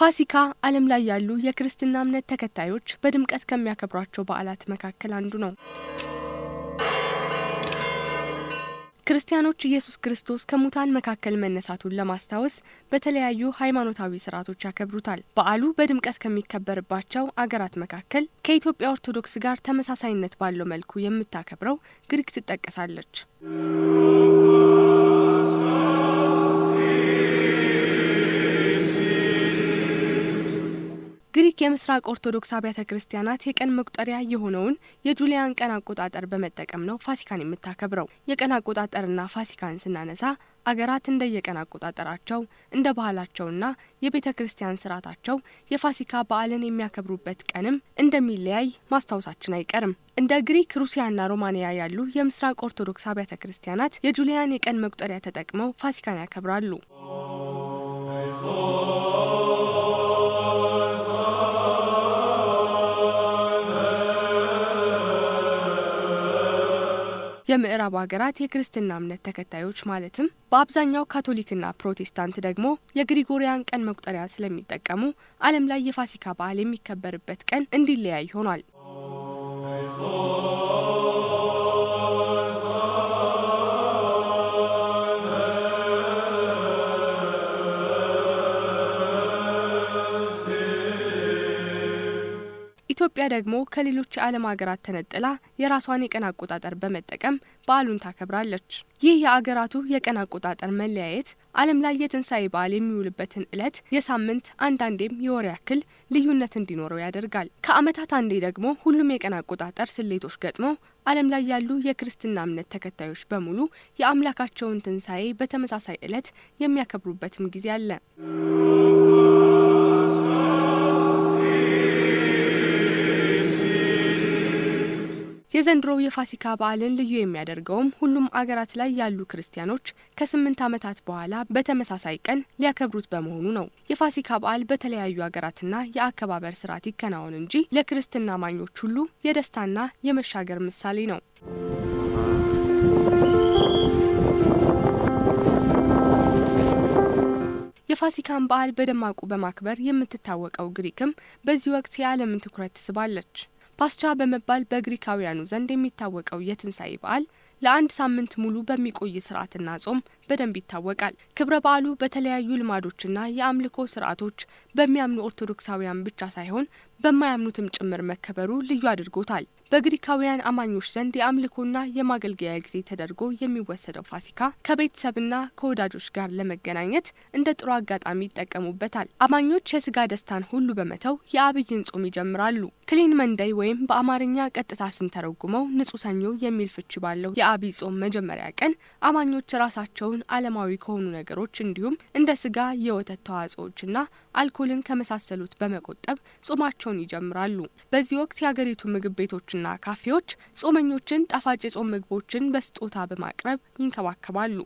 ፋሲካ ዓለም ላይ ያሉ የክርስትና እምነት ተከታዮች በድምቀት ከሚያከብሯቸው በዓላት መካከል አንዱ ነው። ክርስቲያኖች ኢየሱስ ክርስቶስ ከሙታን መካከል መነሳቱን ለማስታወስ በተለያዩ ሃይማኖታዊ ስርዓቶች ያከብሩታል። በዓሉ በድምቀት ከሚከበርባቸው አገራት መካከል ከኢትዮጵያ ኦርቶዶክስ ጋር ተመሳሳይነት ባለው መልኩ የምታከብረው ግሪክ ትጠቀሳለች። የምስራቅ ኦርቶዶክስ አብያተ ክርስቲያናት የቀን መቁጠሪያ የሆነውን የጁሊያን ቀን አቆጣጠር በመጠቀም ነው ፋሲካን የምታከብረው። የቀን አቆጣጠርና ፋሲካን ስናነሳ አገራት እንደየቀን አቆጣጠራቸው እንደ ባህላቸውና የቤተ ክርስቲያን ስርዓታቸው የፋሲካ በዓልን የሚያከብሩበት ቀንም እንደሚለያይ ማስታወሳችን አይቀርም። እንደ ግሪክ፣ ሩሲያና ሮማንያ ያሉ የምስራቅ ኦርቶዶክስ አብያተ ክርስቲያናት የጁሊያን የቀን መቁጠሪያ ተጠቅመው ፋሲካን ያከብራሉ። የምዕራብ ሀገራት የክርስትና እምነት ተከታዮች ማለትም በአብዛኛው ካቶሊክና ፕሮቴስታንት ደግሞ የግሪጎሪያን ቀን መቁጠሪያ ስለሚጠቀሙ ዓለም ላይ የፋሲካ በዓል የሚከበርበት ቀን እንዲለያይ ሆኗል። ኢትዮጵያ ደግሞ ከሌሎች የዓለም ሀገራት ተነጥላ የራሷን የቀን አቆጣጠር በመጠቀም በዓሉን ታከብራለች። ይህ የአገራቱ የቀን አቆጣጠር መለያየት ዓለም ላይ የትንሣኤ በዓል የሚውልበትን ዕለት የሳምንት አንዳንዴም የወር ያክል ልዩነት እንዲኖረው ያደርጋል። ከዓመታት አንዴ ደግሞ ሁሉም የቀን አቆጣጠር ስሌቶች ገጥመው ዓለም ላይ ያሉ የክርስትና እምነት ተከታዮች በሙሉ የአምላካቸውን ትንሣኤ በተመሳሳይ ዕለት የሚያከብሩበትም ጊዜ አለ። የዘንድሮው የፋሲካ በዓልን ልዩ የሚያደርገውም ሁሉም አገራት ላይ ያሉ ክርስቲያኖች ከስምንት ዓመታት በኋላ በተመሳሳይ ቀን ሊያከብሩት በመሆኑ ነው። የፋሲካ በዓል በተለያዩ አገራትና የአከባበር ስርዓት ይከናወን እንጂ ለክርስትና አማኞች ሁሉ የደስታና የመሻገር ምሳሌ ነው። የፋሲካን በዓል በደማቁ በማክበር የምትታወቀው ግሪክም በዚህ ወቅት የዓለምን ትኩረት ትስባለች። ፓስቻ በመባል በግሪካውያኑ ዘንድ የሚታወቀው የትንሣኤ በዓል ለአንድ ሳምንት ሙሉ በሚቆይ ስርዓትና ጾም በደንብ ይታወቃል። ክብረ በዓሉ በተለያዩ ልማዶችና የአምልኮ ስርዓቶች በሚያምኑ ኦርቶዶክሳውያን ብቻ ሳይሆን በማያምኑትም ጭምር መከበሩ ልዩ አድርጎታል። በግሪካውያን አማኞች ዘንድ የአምልኮና የማገልገያ ጊዜ ተደርጎ የሚወሰደው ፋሲካ ከቤተሰብና ከወዳጆች ጋር ለመገናኘት እንደ ጥሩ አጋጣሚ ይጠቀሙበታል። አማኞች የስጋ ደስታን ሁሉ በመተው የአብይን ጾም ይጀምራሉ። ክሊን መንደይ ወይም በአማርኛ ቀጥታ ስንተረጉመው ንጹህ ሰኞ የሚል ፍች ባለው የአብይ ጾም መጀመሪያ ቀን አማኞች ራሳቸውን ዓለማዊ ከሆኑ ነገሮች እንዲሁም እንደ ስጋ፣ የወተት ተዋጽኦዎችና አልኮልን ከመሳሰሉት በመቆጠብ ጾማቸውን ይጀምራሉ። በዚህ ወቅት የአገሪቱ ምግብ ቤቶች ሆቴሎችና ካፌዎች ጾመኞችን ጣፋጭ የጾም ምግቦችን በስጦታ በማቅረብ ይንከባከባሉ።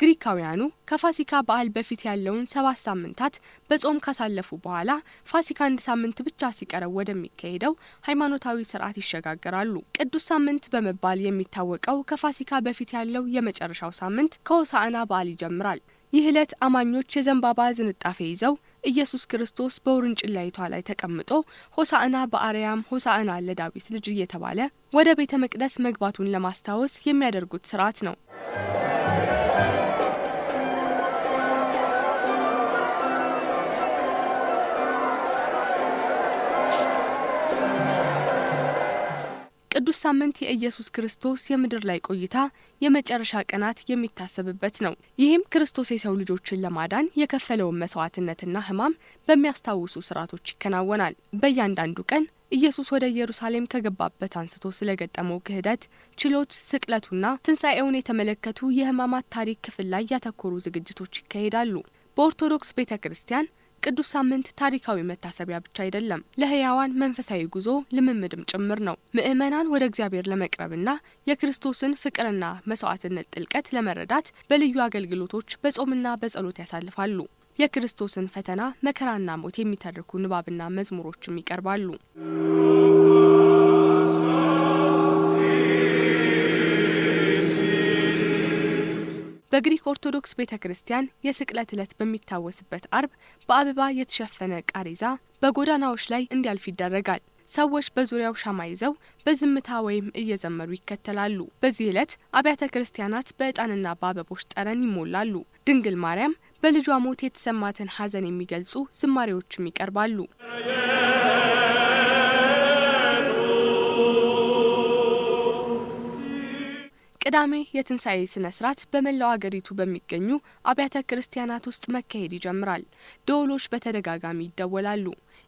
ግሪካውያኑ ከፋሲካ በዓል በፊት ያለውን ሰባት ሳምንታት በጾም ካሳለፉ በኋላ ፋሲካ አንድ ሳምንት ብቻ ሲቀረብ ወደሚካሄደው ሃይማኖታዊ ስርዓት ይሸጋገራሉ። ቅዱስ ሳምንት በመባል የሚታወቀው ከፋሲካ በፊት ያለው የመጨረሻው ሳምንት ከሆሳዕና በዓል ይጀምራል። ይህ ዕለት አማኞች የዘንባባ ዝንጣፌ ይዘው ኢየሱስ ክርስቶስ በውርንጭላይቷ ላይ ተቀምጦ ሆሳዕና በአርያም ሆሳዕና ለዳዊት ልጅ እየተባለ ወደ ቤተ መቅደስ መግባቱን ለማስታወስ የሚያደርጉት ስርዓት ነው። ቅዱስ ሳምንት የኢየሱስ ክርስቶስ የምድር ላይ ቆይታ የመጨረሻ ቀናት የሚታሰብበት ነው። ይህም ክርስቶስ የሰው ልጆችን ለማዳን የከፈለውን መስዋዕትነትና ሕማም በሚያስታውሱ ስርዓቶች ይከናወናል። በእያንዳንዱ ቀን ኢየሱስ ወደ ኢየሩሳሌም ከገባበት አንስቶ ስለገጠመው ክህደት፣ ችሎት፣ ስቅለቱና ትንሣኤውን የተመለከቱ የሕማማት ታሪክ ክፍል ላይ ያተኮሩ ዝግጅቶች ይካሄዳሉ። በኦርቶዶክስ ቤተ ክርስቲያን ቅዱስ ሳምንት ታሪካዊ መታሰቢያ ብቻ አይደለም፣ ለህያዋን መንፈሳዊ ጉዞ ልምምድም ጭምር ነው። ምእመናን ወደ እግዚአብሔር ለመቅረብና የክርስቶስን ፍቅርና መስዋዕትነት ጥልቀት ለመረዳት በልዩ አገልግሎቶች በጾምና በጸሎት ያሳልፋሉ። የክርስቶስን ፈተና መከራና ሞት የሚተርኩ ንባብና መዝሙሮችም ይቀርባሉ። በግሪክ ኦርቶዶክስ ቤተ ክርስቲያን የስቅለት ዕለት በሚታወስበት አርብ በአበባ የተሸፈነ ቃሪዛ በጎዳናዎች ላይ እንዲያልፍ ይደረጋል። ሰዎች በዙሪያው ሻማ ይዘው በዝምታ ወይም እየዘመሩ ይከተላሉ። በዚህ ዕለት አብያተ ክርስቲያናት በዕጣንና በአበቦች ጠረን ይሞላሉ። ድንግል ማርያም በልጇ ሞት የተሰማትን ሐዘን የሚገልጹ ዝማሬዎችም ይቀርባሉ። ቅዳሜ የትንሣኤ ስነ ስርዓት በመላው አገሪቱ በሚገኙ አብያተ ክርስቲያናት ውስጥ መካሄድ ይጀምራል። ደወሎች በተደጋጋሚ ይደወላሉ።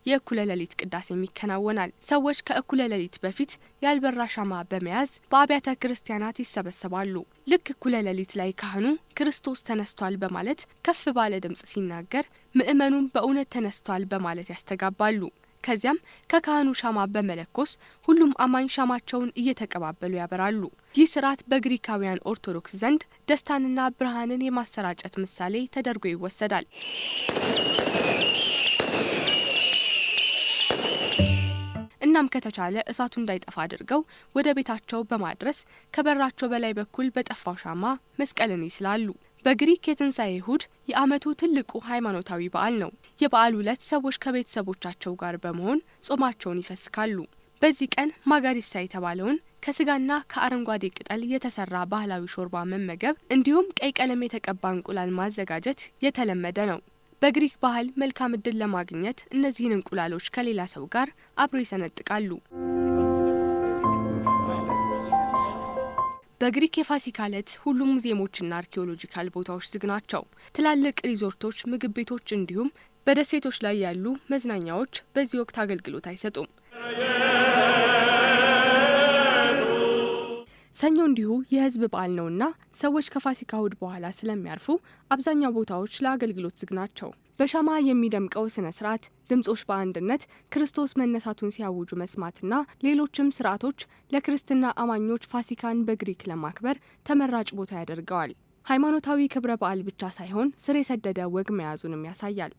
የእኩለ ሌሊት ቅዳሴም ይከናወናል። ሰዎች ከእኩለ ሌሊት በፊት ያልበራ ሻማ በመያዝ በአብያተ ክርስቲያናት ይሰበሰባሉ። ልክ እኩለ ሌሊት ላይ ካህኑ ክርስቶስ ተነስቷል በማለት ከፍ ባለ ድምፅ ሲናገር ምእመኑም በእውነት ተነስቷል በማለት ያስተጋባሉ። ከዚያም ከካህኑ ሻማ በመለኮስ ሁሉም አማኝ ሻማቸውን እየተቀባበሉ ያበራሉ። ይህ ስርዓት በግሪካውያን ኦርቶዶክስ ዘንድ ደስታንና ብርሃንን የማሰራጨት ምሳሌ ተደርጎ ይወሰዳል። እናም ከተቻለ እሳቱ እንዳይጠፋ አድርገው ወደ ቤታቸው በማድረስ ከበራቸው በላይ በኩል በጠፋው ሻማ መስቀልን ይስላሉ። በግሪክ የትንሣኤ እሁድ የዓመቱ ትልቁ ሃይማኖታዊ በዓል ነው። የበዓሉ ዕለት ሰዎች ከቤተሰቦቻቸው ጋር በመሆን ጾማቸውን ይፈስካሉ። በዚህ ቀን ማጋሪሳ የተባለውን ከስጋና ከአረንጓዴ ቅጠል የተሰራ ባህላዊ ሾርባ መመገብ እንዲሁም ቀይ ቀለም የተቀባ እንቁላል ማዘጋጀት የተለመደ ነው። በግሪክ ባህል መልካም እድል ለማግኘት እነዚህን እንቁላሎች ከሌላ ሰው ጋር አብሮ ይሰነጥቃሉ። በግሪክ የፋሲካ ዕለት ሁሉም ሙዚየሞችና አርኪኦሎጂካል ቦታዎች ዝግ ናቸው። ትላልቅ ሪዞርቶች፣ ምግብ ቤቶች እንዲሁም በደሴቶች ላይ ያሉ መዝናኛዎች በዚህ ወቅት አገልግሎት አይሰጡም። ሰኞ እንዲሁ የህዝብ በዓል ነውና ሰዎች ከፋሲካ እሁድ በኋላ ስለሚያርፉ አብዛኛው ቦታዎች ለአገልግሎት ዝግ ናቸው። በሻማ የሚደምቀው ስነ ስርዓት ድምጾች በአንድነት ክርስቶስ መነሳቱን ሲያውጁ መስማትና ሌሎችም ስርዓቶች ለክርስትና አማኞች ፋሲካን በግሪክ ለማክበር ተመራጭ ቦታ ያደርገዋል። ሃይማኖታዊ ክብረ በዓል ብቻ ሳይሆን ስር የሰደደ ወግ መያዙንም ያሳያል።